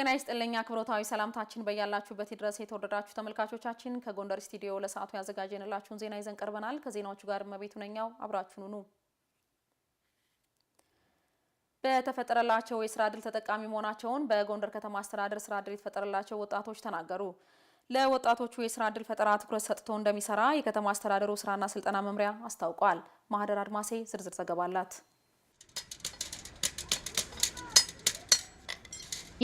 ጤና ይስጥልኛ አክብሮታዊ ሰላምታችን በያላችሁበት ድረስ የተወደዳችሁ ተመልካቾቻችን፣ ከጎንደር ስቱዲዮ ለሰዓቱ ያዘጋጀንላችሁን ዜና ይዘን ቀርበናል። ከዜናዎቹ ጋር መቤቱ ነኛው፣ አብራችሁን ሁኑ። በተፈጠረላቸው የስራ እድል ተጠቃሚ መሆናቸውን በጎንደር ከተማ አስተዳደር ስራ እድል የተፈጠረላቸው ወጣቶች ተናገሩ። ለወጣቶቹ የስራ እድል ፈጠራ ትኩረት ሰጥቶ እንደሚሰራ የከተማ አስተዳደሩ ስራና ስልጠና መምሪያ አስታውቋል። ማህደር አድማሴ ዝርዝር ዘገባ አላት።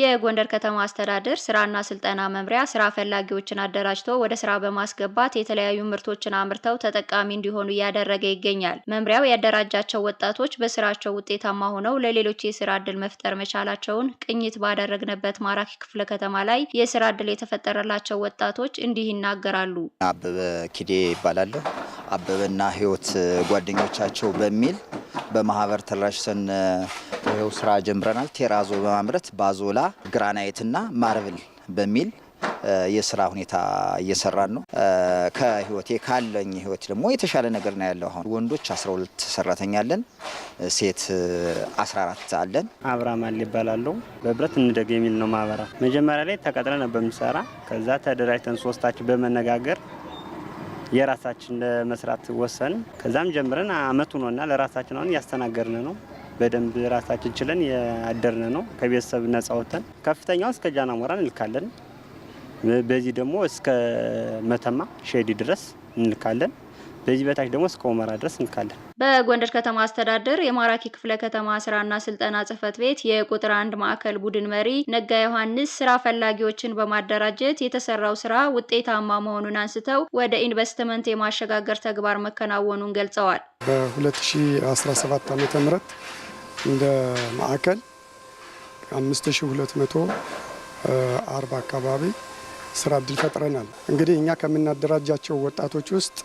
የጎንደር ከተማ አስተዳደር ስራና ስልጠና መምሪያ ስራ ፈላጊዎችን አደራጅቶ ወደ ስራ በማስገባት የተለያዩ ምርቶችን አምርተው ተጠቃሚ እንዲሆኑ እያደረገ ይገኛል። መምሪያው ያደራጃቸው ወጣቶች በስራቸው ውጤታማ ሆነው ለሌሎች የስራ እድል መፍጠር መቻላቸውን ቅኝት ባደረግንበት ማራኪ ክፍለ ከተማ ላይ የስራ እድል የተፈጠረላቸው ወጣቶች እንዲህ ይናገራሉ። አበበ ኪዴ ይባላለሁ። አበበና ህይወት ጓደኞቻቸው በሚል በማህበር ተደራጅተን ይኸው ስራ ጀምረናል። ቴራዞ በማምረት ባዞላ፣ ግራናይትና ማርብል በሚል የስራ ሁኔታ እየሰራን ነው። ከህይወቴ ካለኝ ህይወት ደግሞ የተሻለ ነገር ነው ያለው። አሁን ወንዶች 12 ሰራተኛ አለን፣ ሴት 14 አለን። አብራማል ይባላሉ። በህብረት እንደግ የሚል ነው ማህበራ። መጀመሪያ ላይ ተቀጥረን ነበር የምንሰራ። ከዛ ተደራጅተን ሶስታችን በመነጋገር የራሳችን ለመስራት ወሰን። ከዛም ጀምረን አመት ሆኖና ለራሳችን አሁን እያስተናገርን ነው። በደንብ ራሳችን ችለን ያደርን ነው። ከቤተሰብ ነጻ ወጥተን ከፍተኛው እስከ ጃና ሞራ እንልካለን። በዚህ ደግሞ እስከ መተማ ሼዲ ድረስ እንልካለን። በዚህ በታች ደግሞ እስከ ሁመራ ድረስ እንካለን። በጎንደር ከተማ አስተዳደር የማራኪ ክፍለ ከተማ ስራና ስልጠና ጽህፈት ቤት የቁጥር አንድ ማዕከል ቡድን መሪ ነጋ ዮሐንስ ስራ ፈላጊዎችን በማደራጀት የተሰራው ስራ ውጤታማ መሆኑን አንስተው ወደ ኢንቨስትመንት የማሸጋገር ተግባር መከናወኑን ገልጸዋል። በ2017 ዓ ም እንደ ማዕከል 5240 አካባቢ ስራ እድል ፈጥረናል። እንግዲህ እኛ ከምናደራጃቸው ወጣቶች ውስጥ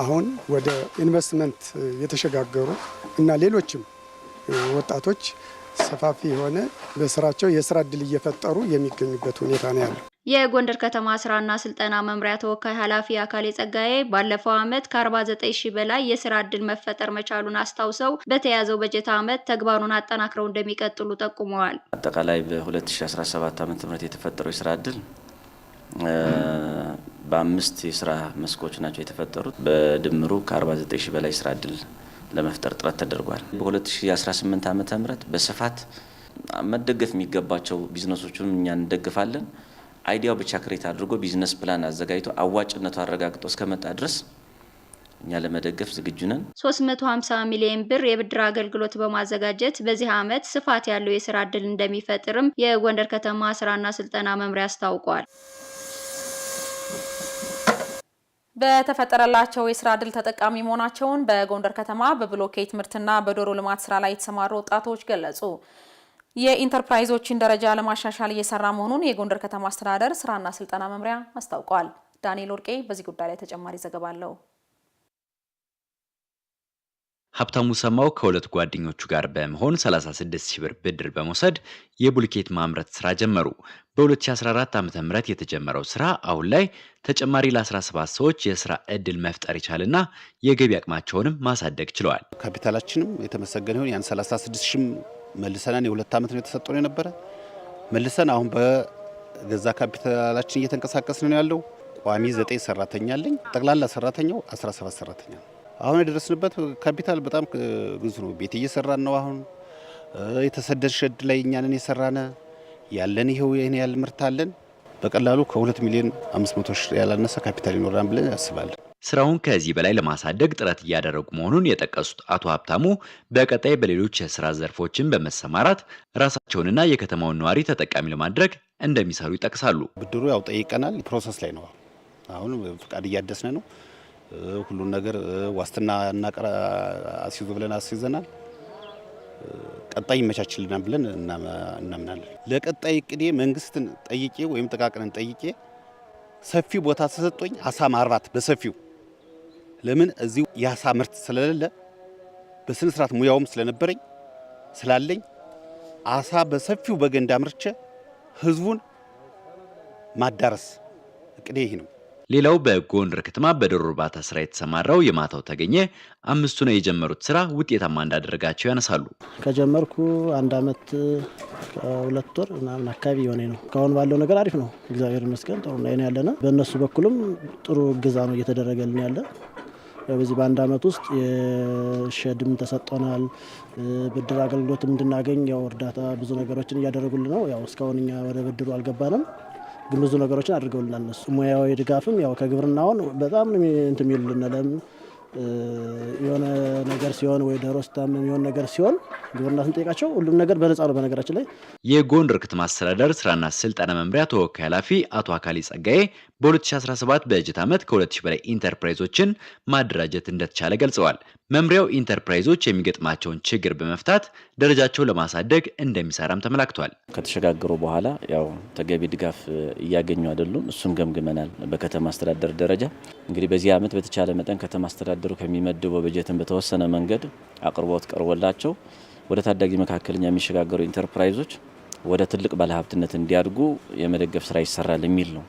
አሁን ወደ ኢንቨስትመንት የተሸጋገሩ እና ሌሎችም ወጣቶች ሰፋፊ የሆነ በስራቸው የስራ እድል እየፈጠሩ የሚገኙበት ሁኔታ ነው ያለው። የጎንደር ከተማ ስራና ስልጠና መምሪያ ተወካይ ኃላፊ አካሌ ጸጋዬ ባለፈው ዓመት ከ49 ሺህ በላይ የስራ እድል መፈጠር መቻሉን አስታውሰው በተያዘው በጀት ዓመት ተግባሩን አጠናክረው እንደሚቀጥሉ ጠቁመዋል። አጠቃላይ በ2017 ዓ ም የተፈጠረው የስራ እድል በአምስት የስራ መስኮች ናቸው የተፈጠሩት። በድምሩ ከ49 ሺህ በላይ ስራ እድል ለመፍጠር ጥረት ተደርጓል። በ2018 ዓ ም በስፋት መደገፍ የሚገባቸው ቢዝነሶቹን እኛ እንደግፋለን። አይዲያው ብቻ ክሬት አድርጎ ቢዝነስ ፕላን አዘጋጅቶ አዋጭነቱ አረጋግጦ እስከመጣ ድረስ እኛ ለመደገፍ ዝግጁ ነን። 350 ሚሊዮን ብር የብድር አገልግሎት በማዘጋጀት በዚህ ዓመት ስፋት ያለው የስራ እድል እንደሚፈጥርም የጎንደር ከተማ ስራና ስልጠና መምሪያ አስታውቋል። በተፈጠረላቸው የስራ እድል ተጠቃሚ መሆናቸውን በጎንደር ከተማ በብሎኬት ምርትና በዶሮ ልማት ስራ ላይ የተሰማሩ ወጣቶች ገለጹ። የኢንተርፕራይዞችን ደረጃ ለማሻሻል እየሰራ መሆኑን የጎንደር ከተማ አስተዳደር ስራና ስልጠና መምሪያ አስታውቋል። ዳንኤል ወርቄ በዚህ ጉዳይ ላይ ተጨማሪ ዘገባ አለው። ሀብታሙ ሰማው ከሁለት ጓደኞቹ ጋር በመሆን 36 ሺህ ብር ብድር በመውሰድ የቡልኬት ማምረት ስራ ጀመሩ። በ2014 ዓ.ም የተጀመረው ስራ አሁን ላይ ተጨማሪ ለ17 ሰዎች የስራ እድል መፍጠር ይቻልና የገቢ አቅማቸውንም ማሳደግ ችለዋል። ካፒታላችንም የተመሰገነ ይሁን ያን 36 ሺህም መልሰናን የሁለት ዓመት ነው የተሰጠነው የነበረ መልሰን አሁን በገዛ ካፒታላችን እየተንቀሳቀስን ነው ያለው። ቋሚ ዘጠኝ ሰራተኛ አለኝ። ጠቅላላ ሰራተኛው 17 ሰራተኛ ነው። አሁን የደረስንበት ካፒታል በጣም ግዙ ነው። ቤት እየሰራን ነው። አሁን የተሰደድ ሸድ ላይ እኛንን የሰራነ ያለን ይሄው ይህን ያህል ምርት አለን። በቀላሉ ከሁለት ሚሊዮን አምስት መቶ ሺህ ያላነሰ ካፒታል ይኖራን ብለን ያስባለን። ስራውን ከዚህ በላይ ለማሳደግ ጥረት እያደረጉ መሆኑን የጠቀሱት አቶ ሀብታሙ በቀጣይ በሌሎች የስራ ዘርፎችን በመሰማራት ራሳቸውንና የከተማውን ነዋሪ ተጠቃሚ ለማድረግ እንደሚሰሩ ይጠቅሳሉ። ብድሩ ያው ጠይቀናል፣ ፕሮሰስ ላይ ነው። አሁን ፍቃድ እያደስነ ነው ሁሉን ነገር ዋስትና አስይዞ ብለን አስይዘናል። ቀጣይ ይመቻችልናል ብለን እናምናለን። ለቀጣይ እቅዴ መንግስትን ጠይቄ ወይም ጥቃቅንን ጠይቄ ሰፊ ቦታ ተሰጥቶኝ አሳ ማርባት በሰፊው ለምን እዚሁ የአሳ ምርት ስለሌለ በስነ ስርዓት ሙያውም ስለነበረኝ ስላለኝ አሳ በሰፊው በገንዳ ምርቼ ህዝቡን ማዳረስ እቅዴ ይህ ነው። ሌላው በጎንደር ከተማ በዶሮ እርባታ ስራ የተሰማራው የማታው ተገኘ አምስቱ ነው የጀመሩት ስራ ውጤታማ እንዳደረጋቸው ያነሳሉ። ከጀመርኩ አንድ አመት ከሁለት ወር ምናምን አካባቢ የሆነ ነው። ካሁን ባለው ነገር አሪፍ ነው፣ እግዚአብሔር ይመስገን ጥሩ ነው ያለነው። በእነሱ በኩልም ጥሩ እገዛ ነው እየተደረገልን ያለ በዚህ በአንድ አመት ውስጥ የሸድም ተሰጥቶናል። ብድር አገልግሎትም እንድናገኝ ያው እርዳታ ብዙ ነገሮችን እያደረጉልን ነው። ያው እስካሁን እኛ ወደ ብድሩ አልገባንም። ብዙ ነገሮችን አድርገውልናል። እነሱ ሙያዊ ድጋፍም ያው ከግብርናውን በጣም እንትን የሚሉልን የሆነ ነገር ሲሆን ወይ ዶሮ ስታመም የሆነ ነገር ሲሆን ግብርና ስንጠይቃቸው ሁሉም ነገር በነጻ ነው። በነገራችን ላይ የጎንደር ከተማ አስተዳደር ስራና ስልጠና መምሪያ ተወካይ ኃላፊ አቶ አካሊ ጸጋዬ በ2017 በጀት ዓመት ከ200 በላይ ኢንተርፕራይዞችን ማደራጀት እንደተቻለ ገልጸዋል። መምሪያው ኢንተርፕራይዞች የሚገጥማቸውን ችግር በመፍታት ደረጃቸውን ለማሳደግ እንደሚሰራም ተመላክቷል። ከተሸጋገሩ በኋላ ያው ተገቢ ድጋፍ እያገኙ አይደሉም፣ እሱን ገምግመናል። በከተማ አስተዳደር ደረጃ እንግዲህ በዚህ ዓመት በተቻለ መጠን ከተማ አስተዳደሩ ከሚመድበው በጀትን በተወሰነ መንገድ አቅርቦት ቀርቦላቸው ወደ ታዳጊ መካከለኛ የሚሸጋገሩ ኢንተርፕራይዞች ወደ ትልቅ ባለሀብትነት እንዲያድጉ የመደገፍ ስራ ይሰራል የሚል ነው።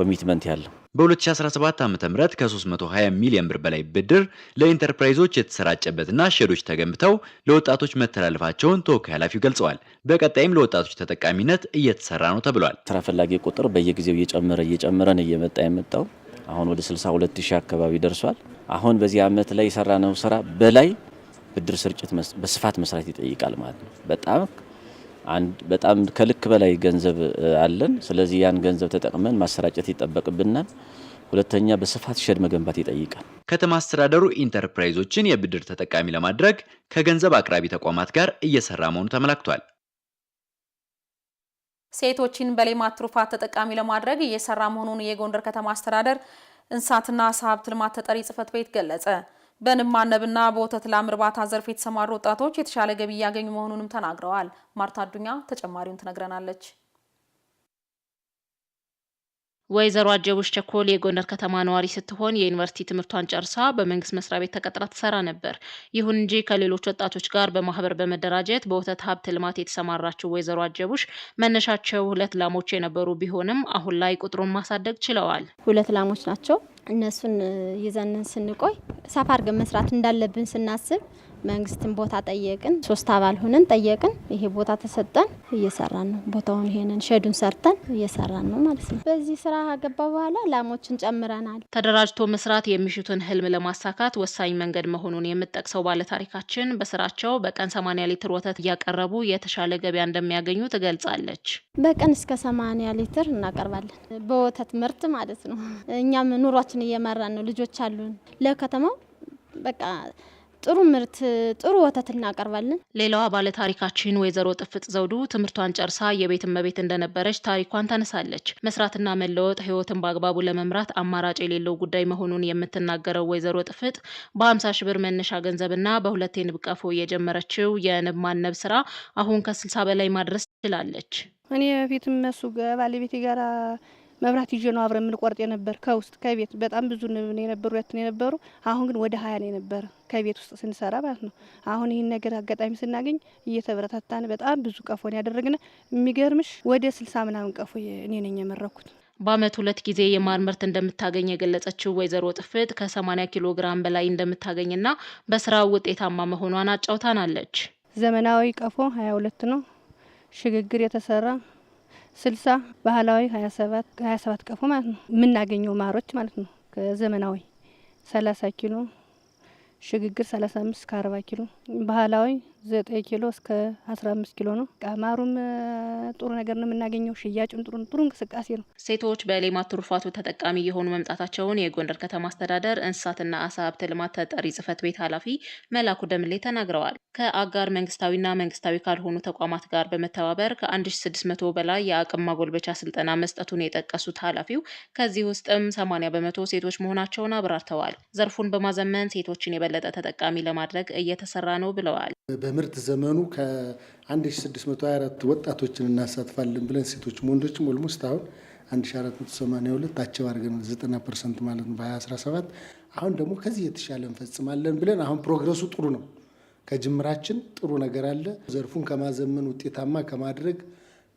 ኮሚትመንት ያለው። በ2017 ዓ ም ከ320 ሚሊዮን ብር በላይ ብድር ለኢንተርፕራይዞች የተሰራጨበትና ሼዶች ተገንብተው ለወጣቶች መተላለፋቸውን ተወካይ ኃላፊው ገልጸዋል። በቀጣይም ለወጣቶች ተጠቃሚነት እየተሰራ ነው ተብሏል። ስራ ፈላጊ ቁጥር በየጊዜው እየጨመረ እየጨመረ ነው እየመጣ የመጣው አሁን ወደ 62 ሺህ አካባቢ ደርሷል። አሁን በዚህ ዓመት ላይ የሰራነው ስራ በላይ ብድር ስርጭት በስፋት መስራት ይጠይቃል ማለት ነው በጣም አንድ በጣም ከልክ በላይ ገንዘብ አለን። ስለዚህ ያን ገንዘብ ተጠቅመን ማሰራጨት ይጠበቅብናል። ሁለተኛ በስፋት ሸድ መገንባት ይጠይቃል። ከተማ አስተዳደሩ ኢንተርፕራይዞችን የብድር ተጠቃሚ ለማድረግ ከገንዘብ አቅራቢ ተቋማት ጋር እየሰራ መሆኑ ተመላክቷል። ሴቶችን በሌማት ትሩፋት ተጠቃሚ ለማድረግ እየሰራ መሆኑን የጎንደር ከተማ አስተዳደር እንስሳትና ዓሳ ሀብት ልማት ተጠሪ ጽህፈት ቤት ገለጸ። በንብ ማነብና በወተት ላም እርባታ ዘርፍ የተሰማሩ ወጣቶች የተሻለ ገቢ እያገኙ መሆኑንም ተናግረዋል። ማርታ አዱኛ ተጨማሪውን ትነግረናለች። ወይዘሮ አጀቡሽ ቸኮል የጎንደር ከተማ ነዋሪ ስትሆን የዩኒቨርሲቲ ትምህርቷን ጨርሳ በመንግስት መስሪያ ቤት ተቀጥራ ትሰራ ነበር። ይሁን እንጂ ከሌሎች ወጣቶች ጋር በማህበር በመደራጀት በወተት ሀብት ልማት የተሰማራቸው ወይዘሮ አጀቡሽ መነሻቸው ሁለት ላሞች የነበሩ ቢሆንም አሁን ላይ ቁጥሩን ማሳደግ ችለዋል። ሁለት ላሞች ናቸው። እነሱን ይዘንን ስንቆይ ሰፋ አድርገን መስራት እንዳለብን ስናስብ መንግስትን ቦታ ጠየቅን። ሶስት አባል ሆነን ጠየቅን። ይሄ ቦታ ተሰጠን፣ እየሰራን ነው። ቦታውን ይሄንን ሸዱን ሰርተን እየሰራን ነው ማለት ነው። በዚህ ስራ ገባ በኋላ ላሞችን ጨምረናል። ተደራጅቶ መስራት የሚሹትን ህልም ለማሳካት ወሳኝ መንገድ መሆኑን የምጠቅሰው ባለታሪካችን በስራቸው በቀን 80 ሊትር ወተት እያቀረቡ የተሻለ ገበያ እንደሚያገኙ ትገልጻለች። በቀን እስከ 80 ሊትር እናቀርባለን፣ በወተት ምርት ማለት ነው። እኛም ኑሯችን እየመራን ነው። ልጆች አሉን ለከተማው በቃ ጥሩ ምርት፣ ጥሩ ወተት እናቀርባለን። ሌላዋ ባለታሪካችን ወይዘሮ ጥፍጥ ዘውዱ ትምህርቷን ጨርሳ የቤት እመቤት እንደነበረች ታሪኳን ታነሳለች። መስራትና መለወጥ ህይወትን በአግባቡ ለመምራት አማራጭ የሌለው ጉዳይ መሆኑን የምትናገረው ወይዘሮ ጥፍጥ በ50 ሺ ብር መነሻ ገንዘብና በሁለት የንብ ቀፎ የጀመረችው የንብ ማነብ ስራ አሁን ከ60 በላይ ማድረስ ትችላለች። እኔ በፊትም መሱ ባለቤቴ ጋር መብራት ይዤ ነው አብረን የምንቆርጥ የነበር ከውስጥ ከቤት በጣም ብዙ የነበሩ ያትን የነበሩ አሁን ግን ወደ ሀያ ነው የነበረ ከቤት ውስጥ ስንሰራ ማለት ነው። አሁን ይህን ነገር አጋጣሚ ስናገኝ እየተበረታታን በጣም ብዙ ቀፎን ያደረግነ የሚገርምሽ ወደ ስልሳ ምናምን ቀፎ እኔ ነኝ የመረኩት። በአመት ሁለት ጊዜ የማር ምርት እንደምታገኝ የገለጸችው ወይዘሮ ጥፍት ከ80 ኪሎ ግራም በላይ እንደምታገኝና በስራ ውጤታማ መሆኗን አጫውታናለች። ዘመናዊ ቀፎ 22 ነው፣ ሽግግር የተሰራ ስልሳ ባህላዊ ሀያ ሰባት ሀያ ሰባት ቀፎ ማለት ነው የምናገኘው ማሮች ማለት ነው ከዘመናዊ ሰላሳ ኪሎ ሽግግር 35 እስከ 40 ኪሎ ባህላዊ 9 ኪሎ እስከ 15 ኪሎ ነው። ቀማሩም ጥሩ ነገር ነው የምናገኘው። ሽያጭም ጥሩ ጥሩ እንቅስቃሴ ነው። ሴቶች በሌማት ትሩፋቱ ተጠቃሚ የሆኑ መምጣታቸውን የጎንደር ከተማ አስተዳደር እንስሳትና አሳ ሀብት ልማት ተጠሪ ጽህፈት ቤት ኃላፊ መላኩ ደምሌ ተናግረዋል። ከአጋር መንግስታዊና መንግስታዊ ካልሆኑ ተቋማት ጋር በመተባበር ከ1600 በላይ የአቅም ማጎልበቻ ስልጠና መስጠቱን የጠቀሱት ኃላፊው ከዚህ ውስጥም 80 በመቶ ሴቶች መሆናቸውን አብራርተዋል። ዘርፉን በማዘመን ሴቶችን የበለ የበለጠ ተጠቃሚ ለማድረግ እየተሰራ ነው ብለዋል። በምርት ዘመኑ ከ1624 ወጣቶችን እናሳትፋለን ብለን ሴቶችም ወንዶችም ኦልሞስት አሁን 1482 አቸው አድርገን 90 ፐርሰንት ማለት ነው በ2017 አሁን ደግሞ ከዚህ የተሻለ እንፈጽማለን ብለን አሁን ፕሮግረሱ ጥሩ ነው። ከጅምራችን ጥሩ ነገር አለ። ዘርፉን ከማዘመን ውጤታማ ከማድረግ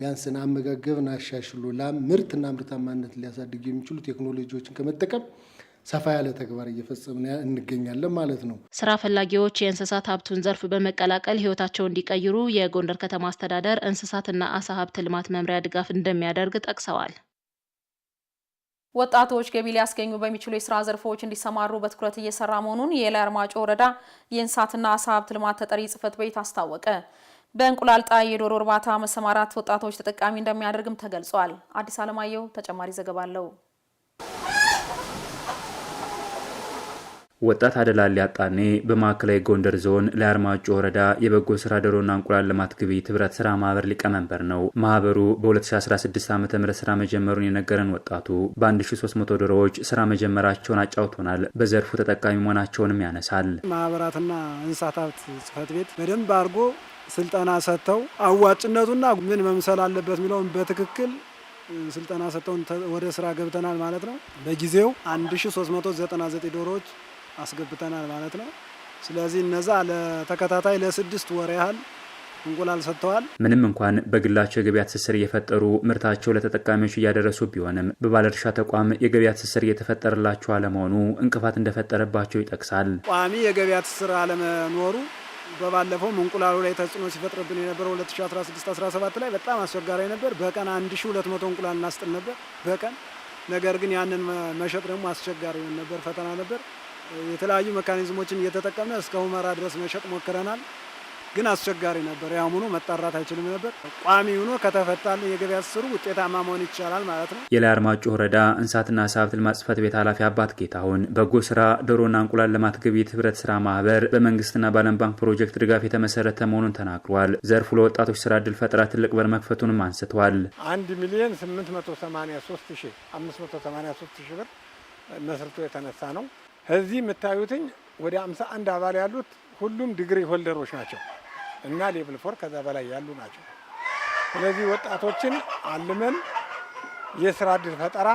ቢያንስን አመጋገብን አሻሽሎ ላም ምርትና ምርታማነት ሊያሳድግ የሚችሉ ቴክኖሎጂዎችን ከመጠቀም ሰፋ ያለ ተግባር እየፈጸምን እንገኛለን ማለት ነው። ስራ ፈላጊዎች የእንስሳት ሀብቱን ዘርፍ በመቀላቀል ህይወታቸው እንዲቀይሩ የጎንደር ከተማ አስተዳደር እንስሳትና አሳ ሀብት ልማት መምሪያ ድጋፍ እንደሚያደርግ ጠቅሰዋል። ወጣቶች ገቢ ሊያስገኙ በሚችሉ የስራ ዘርፎች እንዲሰማሩ በትኩረት እየሰራ መሆኑን የላይ አርማጮ ወረዳ የእንስሳትና አሳ ሀብት ልማት ተጠሪ ጽህፈት ቤት አስታወቀ። በእንቁላል ጣይ የዶሮ እርባታ መሰማራት ወጣቶች ተጠቃሚ እንደሚያደርግም ተገልጿል። አዲስ አለማየሁ ተጨማሪ ዘገባ አለው። ወጣት አደላሌ አጣኔ በማዕከላዊ ጎንደር ዞን ላይ ወረዳ የበጎ ስራ ዶሮና እንቁላል ልማት ግብይት ህብረት ስራ ማህበር ሊቀመንበር ነው። ማህበሩ በ2016 ዓ ም ስራ መጀመሩን የነገረን ወጣቱ በ1300 ዶሮዎች ስራ መጀመራቸውን አጫውቶናል። በዘርፉ ተጠቃሚ መሆናቸውንም ያነሳል። ማህበራትና እንስሳት ሀብት ጽህፈት ቤት በደንብ አድርጎ ስልጠና ሰጥተው አዋጭነቱና ምን መምሰል አለበት የሚለውን በትክክል ስልጠና ሰጥተውን ወደ ስራ ገብተናል ማለት ነው። በጊዜው 1399 ዶሮዎች አስገብተናል ማለት ነው። ስለዚህ እነዛ ለተከታታይ ለስድስት ወር ያህል እንቁላል ሰጥተዋል። ምንም እንኳን በግላቸው የገበያ ትስስር እየፈጠሩ ምርታቸው ለተጠቃሚዎች እያደረሱ ቢሆንም በባለድርሻ ተቋም የገበያ ትስስር እየተፈጠረላቸው አለመሆኑ እንቅፋት እንደፈጠረባቸው ይጠቅሳል። ቋሚ የገበያ ትስስር አለመኖሩ በባለፈውም እንቁላሉ ላይ ተጽዕኖ ሲፈጥርብን የነበረው 2016/17 ላይ በጣም አስቸጋሪ ነበር። በቀን 1200 እንቁላል እናስጥል ነበር በቀን ነገር ግን ያንን መሸጥ ደግሞ አስቸጋሪ ነበር፣ ፈተና ነበር። የተለያዩ መካኒዝሞችን እየተጠቀምነ እስከ ሁመራ ድረስ መሸጥ ሞክረናል። ግን አስቸጋሪ ነበር። ያሙኑ መጣራት አይችልም ነበር። ቋሚ ሆኖ ከተፈታል የገበያ ስሩ ውጤታማ መሆን ይቻላል ማለት ነው። የላይ አርማጭሆ ወረዳ እንስሳትና ዓሳ ሀብት ልማት ጽሕፈት ቤት ኃላፊ አባት ጌታሁን በጎ ስራ ዶሮና እንቁላል ልማት ግብይት ህብረት ስራ ማህበር በመንግስትና በዓለም ባንክ ፕሮጀክት ድጋፍ የተመሰረተ መሆኑን ተናግሯል። ዘርፉ ለወጣቶች ስራ እድል ፈጠራ ትልቅ በር መክፈቱንም አንስተዋል። አንድ ሚሊዮን 883 ሺህ 583 ብር መስርቶ የተነሳ ነው እዚህ የምታዩትኝ ወደ አምሳ አንድ አባል ያሉት ሁሉም ዲግሪ ሆልደሮች ናቸው እና ሌቭል ፎር ከዛ በላይ ያሉ ናቸው። ስለዚህ ወጣቶችን አልመን የስራ እድል ፈጠራ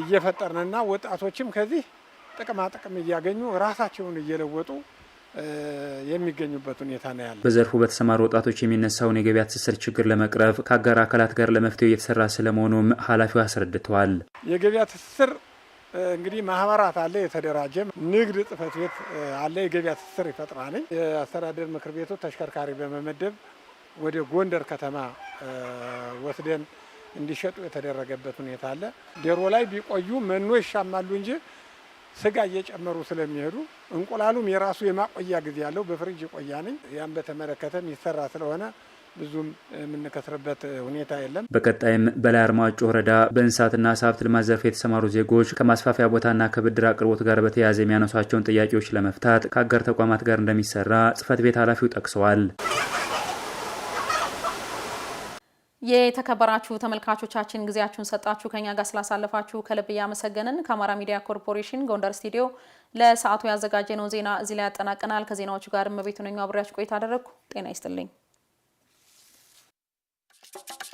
እየፈጠርንና ወጣቶችም ከዚህ ጥቅማ ጥቅም እያገኙ ራሳቸውን እየለወጡ የሚገኙበት ሁኔታ ነው ያለ። በዘርፉ በተሰማሩ ወጣቶች የሚነሳውን የገበያ ትስስር ችግር ለመቅረፍ ከአጋር አካላት ጋር ለመፍትሄው እየተሰራ ስለመሆኑም ኃላፊው አስረድተዋል። የገበያ ትስስር እንግዲህ ማህበራት አለ፣ የተደራጀ ንግድ ጽሕፈት ቤት አለ፣ የገበያ ትስስር ይፈጥራል። የአስተዳደር ምክር ቤቱ ተሽከርካሪ በመመደብ ወደ ጎንደር ከተማ ወስደን እንዲሸጡ የተደረገበት ሁኔታ አለ። ዶሮ ላይ ቢቆዩ መኖ ይሻማሉ እንጂ ስጋ እየጨመሩ ስለሚሄዱ እንቁላሉም የራሱ የማቆያ ጊዜ አለው፣ በፍሪጅ ነኝ ያን በተመለከተ የሚሰራ ስለሆነ ብዙም የምንከስርበት ሁኔታ የለም። በቀጣይም በላይ አርማጭ ወረዳ በእንስሳትና ዓሳ ሀብት ልማት ዘርፍ የተሰማሩ ዜጎች ከማስፋፊያ ቦታና ከብድር አቅርቦት ጋር በተያያዘ የሚያነሷቸውን ጥያቄዎች ለመፍታት ከአጋር ተቋማት ጋር እንደሚሰራ ጽህፈት ቤት ኃላፊው ጠቅሰዋል። የተከበራችሁ ተመልካቾቻችን ጊዜያችሁን ሰጣችሁ ከኛ ጋር ስላሳለፋችሁ ከልብ እያመሰገንን ከአማራ ሚዲያ ኮርፖሬሽን ጎንደር ስቱዲዮ ለሰዓቱ ያዘጋጀነውን ዜና እዚህ ላይ ያጠናቀናል። ከዜናዎቹ ጋር እመቤቱ ነኝ አብሬያችሁ ቆይታ አደረግኩ። ጤና ይስጥልኝ። Thank you.